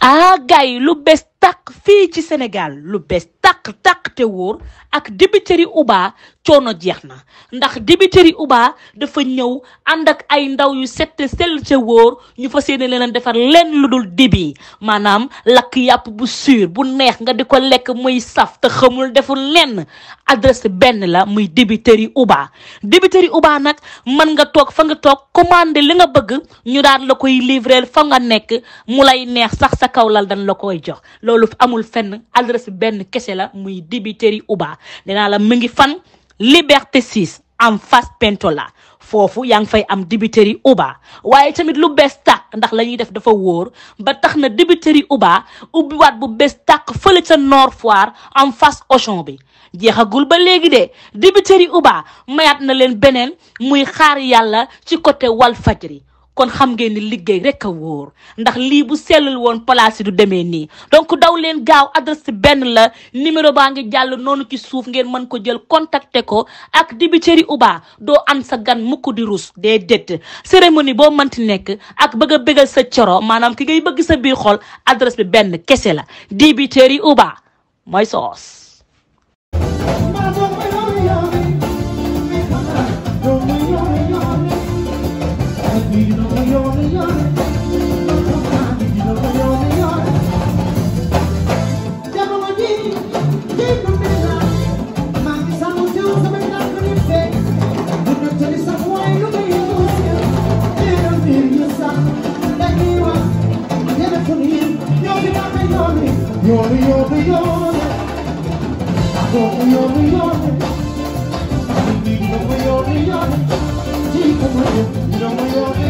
ah gars yi lu bees taq fii ci Sénégal lu bees taq tàq te wóor ak dibiteri Uba coono jeex na ndax dibiteri Uba dafa ñëw ànd ak ay ndaw yu sette sell ca wóor ñu fa yéene leen defar lenn lu dul dibi maanaam lakk yàpp bu suur bu neex nga di ko lekk muy saf te xamul deful lenn adresse benn la muy dibiteri Uba dibiteri Uba nag mën nga toog fa nga toog commander li nga bëgg ñu daan la koy livrer fa nga nekk mu lay neex sax sa kaw lal dañ la koy jox loolu amul fenn adresse benn kese la muy dibiteri Uba nee naa la mu ngi fan Liberté 6 en Fass Pentola foofu yaa ngi fay am dibiteri Uba waaye tamit lu bees tàkk ndax la ñuy def dafa wóor ba tax na dibiteri Uba ubbiwaat bu bees tàkk fële ca Nord Foire am Fass Auchan bi jeexagul ba léegi de dibiteri Uba mayaat na leen beneen muy xaar yàlla ci côté wal Walfajri kon xam ngeen ni liggéey rekk a wóor ndax lii bu sellul woon place yi du demee nii donc daw leen gaaw adresse benn la nimero baa ngi jàll noonu ci suuf ngeen mën ko jël contacter ko ak Dibiteri Uba doo am sa gan mukk di rus dee déet cérémonie boo mënti nekk ak bëgg a sa coro maanaam ki ngay bëgg sa biir xol adresse bi benn kese la Dibiteri Uba mooy soos You're my only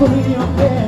for me, your bed.